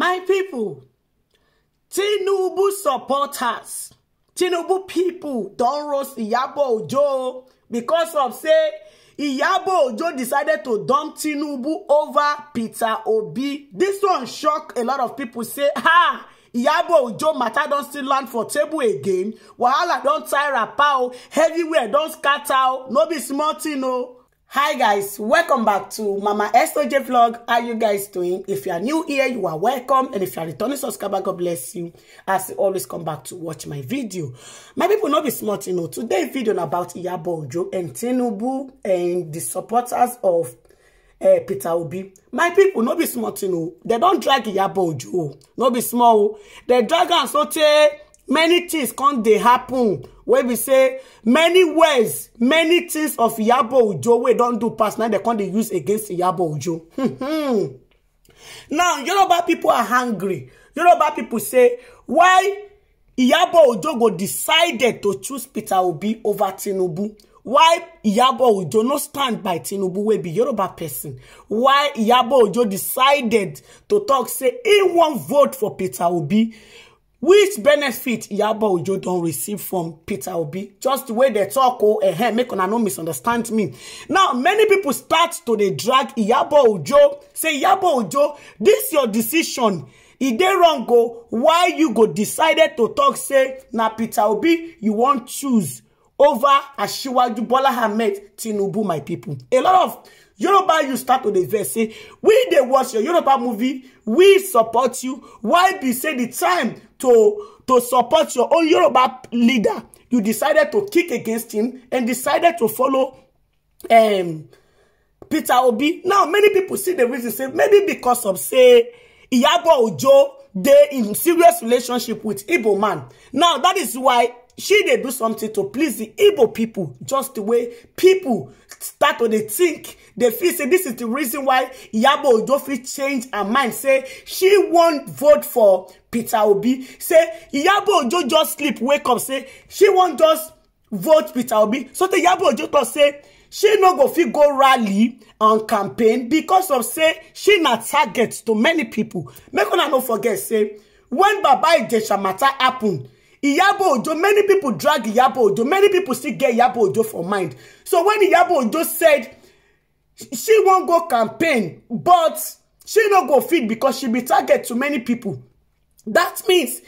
My people, Tinubu supporters, Tinubu people don roast Iyabo Ojo because of say Iyabo Ojo decided to dump Tinubu over Peter Obi. This one shock a lot of people say, ha! Ah, Iyabo Ojo matter don still land for table again. Wahala don tie wrapper o, everywhere don scatter o, no be small thing o hi guys welcome back to mama soj vlog how you guys doing if you are new here you are welcome and if you are returning subscriber god bless you as you always come back to watch my video my people not be smart you know today video about Iyabo Ojo and Tinubu and the supporters of uh, Peter Obi my people not be smart you know they don't drag Iyabo Ojo oh. no be small oh. they drag and so tey many things come dey happen wey be say many ways many things of Iyabo Ojo wey don do pass na dem come dey use against Iyabo Ojo hmm, hmm. now Yoruba people are hungry Yoruba people say why Iyabo Ojo go decided to choose Peter Obi over Tinubu why Iyabo Ojo no stand by Tinubu wey be Yoruba person why Iyabo Ojo decided to talk say he wan vote for Peter Obi which benefit Iyabo Ojo don receive from Peter Obi just the way they talk oh eh, eh, make una no misunderstand me now many people start to dey drag Iyabo Ojo say Iyabo Ojo this your decision e dey wrong o oh. why you go decided to talk say now Peter Obi you won't choose over Asiwaju Bola Ahmed Tinubu my people a lot of Yoruba you start to the verse? say we they watch your Yoruba movie we support you why be say the time to to support your own Yoruba leader you decided to kick against him and decided to follow um, Peter Obi now many people see the reason say maybe because of say Iyabo Ojo they in serious relationship with Igbo man now that is why she dey do something to please the igbo people, just the way people start to they think they feel say this is the reason why Yabo ojo fit change her mind say she won't vote for peter obi say Yabo ojo just sleep wake up say she won't just vote peter obi sotey iyabo ojo just say she no go fit go rally and campaign because of say she not target to many people. make una no forget say when baba ijesha matter happen. Iyabo Ojo, many people drag Iyabo Ojo. Many people still get Iyabo Ojo for mind. So when Iyabo Ojo said she won't go campaign, but she not go feed because she be target to many people. That means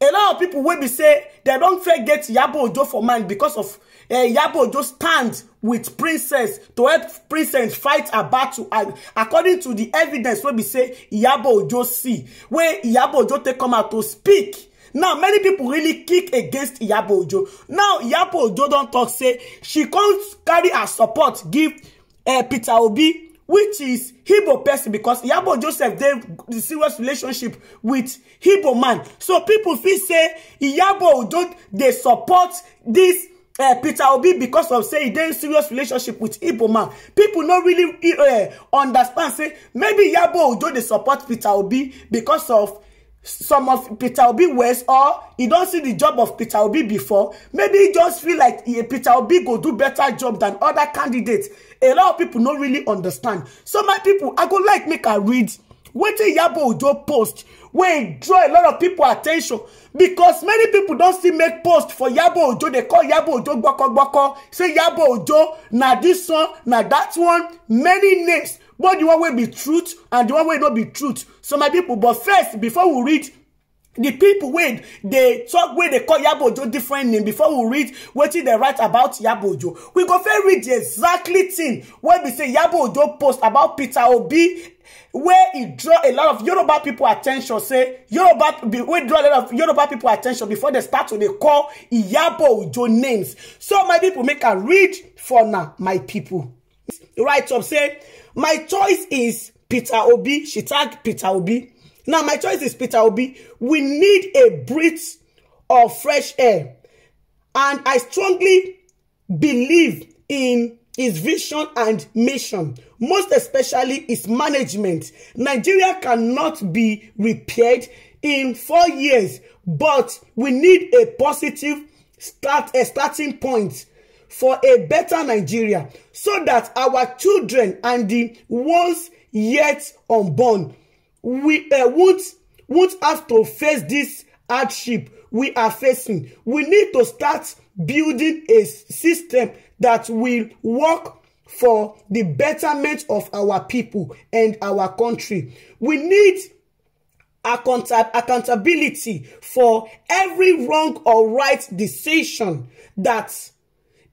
a lot of people will be say they don't fair get Iyabo Ojo for mind because of uh, Iyabo Ojo stand with princess to help princess fight a battle and according to the evidence will be say Iyabo Ojo see where Iyabo Ojo take come out to speak now many people really kick against iyabo ojo now iyabo ojo don tok say she can't carry her support give eh, peter obi which is Hebo person because Iyabo Joseph dey the serious relationship with Hebo man. So people feel say Iyabo Ojo they support this uh, Peter Obi because of say they serious relationship with Hebo man. People not really uh, understand say maybe Iyabo Ojo dey support Peter Obi because of some of Peter Obi words or he don't see the job of Peter Obi before, maybe he just feel like yeah, Peter Obi go do better job than other candidates. A lot of people don't really understand. So my people, I go like make a read. Wetin Yabo Ojo post wey e draw a lot of people attention because many people don still make post for Yabo Ojo dey call Yabo Ojo gbọkọgbọkọ say Yabo Ojo na this one na that one many names both the one way be truth and the one way not be truth so my people. but first before we read the people wey they talk, wey they call yabojo different name before we read wetin they write about yabojo we go first read the exactly thing where be say yabojo post about peter obi where it draw a lot of yoruba people attention say yoruba we draw a lot of yoruba people attention before they start to they call iyabo ojo names so my people, make a read for now, my pipo right up say My choice is Peter Obi. She tagged Peter Obi. Now, my choice is Peter Obi. We need a breath of fresh air. And I strongly believe in his vision and mission, most especially his management. Nigeria cannot be repaired in four years, but we need a positive start, a starting point for a better Nigeria so that our children and the ones yet unborn we uh, won't, won't have to face this hardship we are facing. We need to start building a system that will work for the betterment of our people and our country. We need accountability for every wrong or right decision that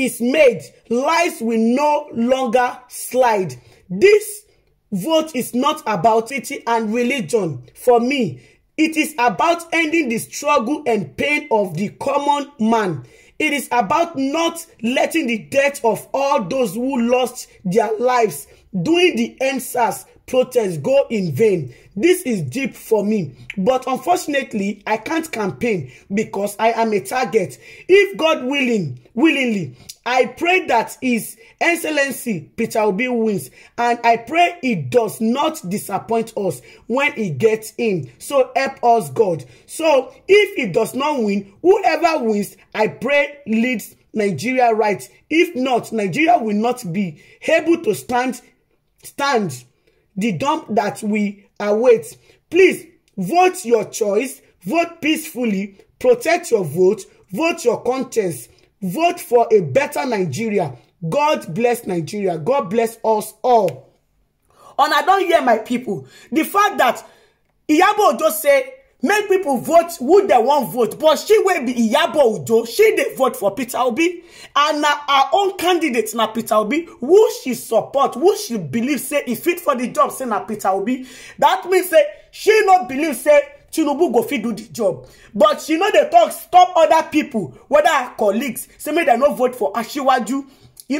is made, lies will no longer slide. This vote is not about it and religion. For me, it is about ending the struggle and pain of the common man. It is about not letting the death of all those who lost their lives during the answers protests go in vain. This is deep for me. But unfortunately, I can't campaign because I am a target. If God willing, willingly, I pray that His Excellency Peter Obi wins. And I pray it does not disappoint us when he gets in. So help us, God. So if he does not win, whoever wins, I pray leads Nigeria right. If not, Nigeria will not be able to stand stand the dump that we await. Please vote your choice, vote peacefully, protect your vote, vote your conscience, vote for a better Nigeria. God bless Nigeria. God bless us all. And I don't hear my people. The fact that Iyabo just say make people vote who dem wan vote but she wey be iyabo udo she dey vote for peter obi and na her own candidate na peter obi who she support who she believe say e fit for the job say na peter obi That mean say she no believe say tinubu go fit do the job but she no dey talk. stop other people, whether her colleagues say make dem no vote for asiwaju she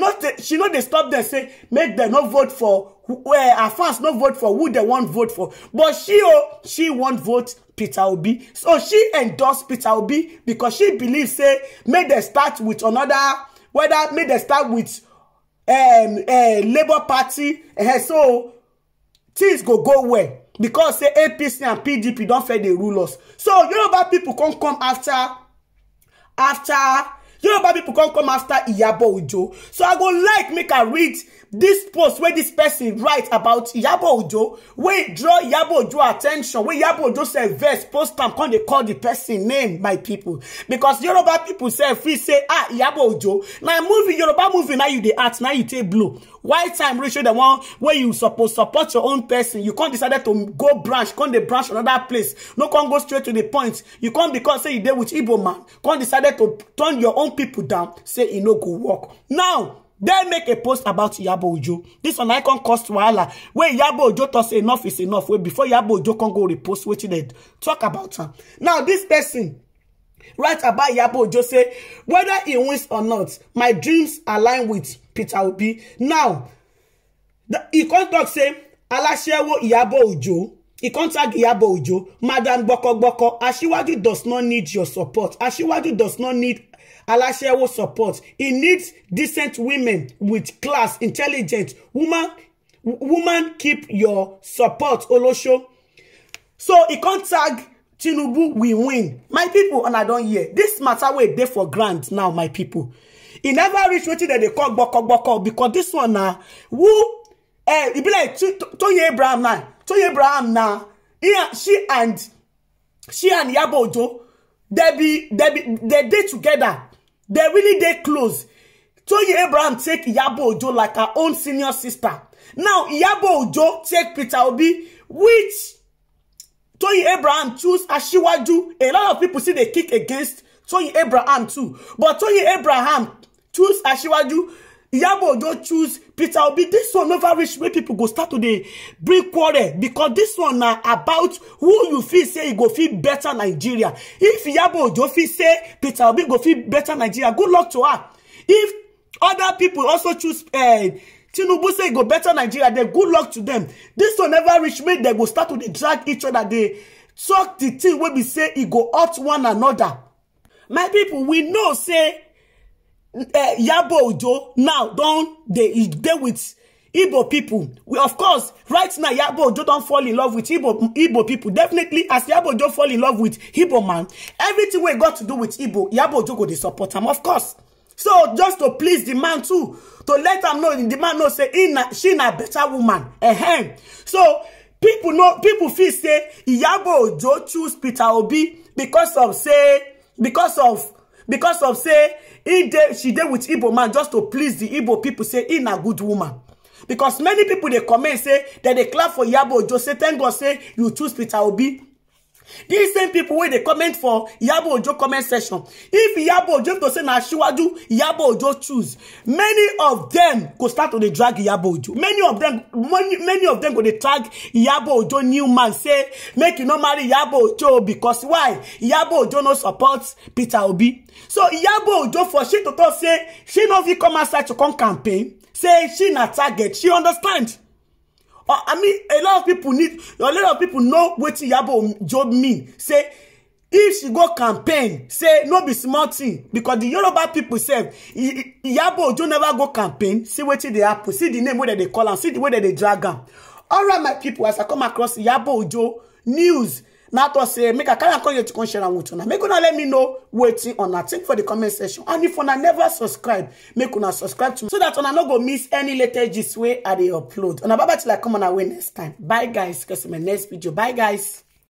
no dey stop them. say make dem no vote for eh, her fans no vote for who dem wan vote for but she oh she wan vote peter obi so she endorsed peter obi because she believe say make dem start with another whether make dem start with um, uh, labour party uh, so things go go well because say apc and pdp don't fail the rulers so yoruba know, pipo come come after after yoruba pipo come come after iyabo ojo so i go like make i read dis post wey dis person write about iyabo ojo wey draw iyabo ojo attention wey iyabo ojo sef vex post am come dey call di person name my pipo because yoruba pipo sef feel say ah iyabo ojo na movie yoruba movie na you dey act na you take blow why time reach the one where you suppose support your own person you can't decide to go branch con dey branch another place no can't go straight to the point you can't because say you deal with igbo man Can't decide to turn your own people down say you e no go work now dem make a post about yabo ojo dis one i con cause wahala wey yabo ojo tok say enough is enough Where before yabo ojo con go repost wetin dem Talk about am now This person Write about Yabo Ojo say, whether he wins or not, my dreams align with Peter Obi. Now, he can't talk say, Aláṣẹ́wó Yabo Ojo. He tag Yabo Ojo. Madam Gboko Gboko, Aṣíwájú does not need your support. Aṣíwájú does not need Aláṣẹ́wó support. He needs decent women with class, intelligent woman. Woman, keep your support, Olosho. So he can't tag tinubu we win my people, and i don't hear this matter wey dey for ground now my people. e never reach wetin dem dey call gboko because this one now who eh e be like toye abraham na toye abraham now. na she and she and Yabojo, they be they ojo they dey together They really dey close toye abraham take Yabojo like her own senior sister now Yabojo take peter obi which Toyin Abraham choose Ashiwaju, A lot of people see they kick against Toyin Abraham too. But Toyin Abraham choose Ashiwaju, Iyabo Ojo choose Peter Obi. This one never reach where people go start to dey bring quarrel because this one na about who you feel say you go feel better Nigeria. If Iyabo Ojo feel say Peter Obi go feel better Nigeria, good luck to her. If other people also choose uh, tinubu say go better nigeria Then good luck to them. This will never reach me. They will start to drag each other They talk the thing wey be say e go hurt one another. my people, we know say eh, yabo ojo now they? dey with igbo We of course right now yabo ojo don fall in love with igbo people. definitely as yabo ojo fall in love with igbo man everything we e got to do with igbo yabo ojo go dey support am of course so just to please the man too to let am know the man know say he na she na better woman uh so people know people feel say Iyabo Ojo choose Peter Obi because of say because of because of say he dey she dey with Igbo man just to please the Igbo people say he na good woman because many people dey comment say dem dey clap for Iyabo Ojo say thank God say you choose Peter Obi These same people wey dey comment for Iyabo Ojo comment section. If Iyabo Ojo to say na Asiwaju, Iyabo Ojo choose. Many of them go start to dey drag Iyabo Ojo. Many of them, many, many of them go dey drag Iyabo Ojo new man say make you no marry Iyabo Ojo because why? Iyabo Ojo no support Peter Obi. So Iyabo Ojo for she to talk say she no fit come outside to come campaign. Say she na target. She understand. Uh, I mean, a lot of people need, a lot of people know wetin yabo Job mean. Say, if she go campaign, say, no be small thing. Because the Yoruba people say, yabo Ojo never go campaign. See wetin dey happen. See the name wey dem dey call am. See the way dem dey drag am. All right, my people, as I come across yabo Ojo news, na to say make i carry am come here to come share am with una make una let me know wetin una think for the comment section and if una never subscribe make una subscribe to me so that una no go miss any latest gist wey i dey upload una bye bye till i come on our way next time bye guys catch you my next video bye guys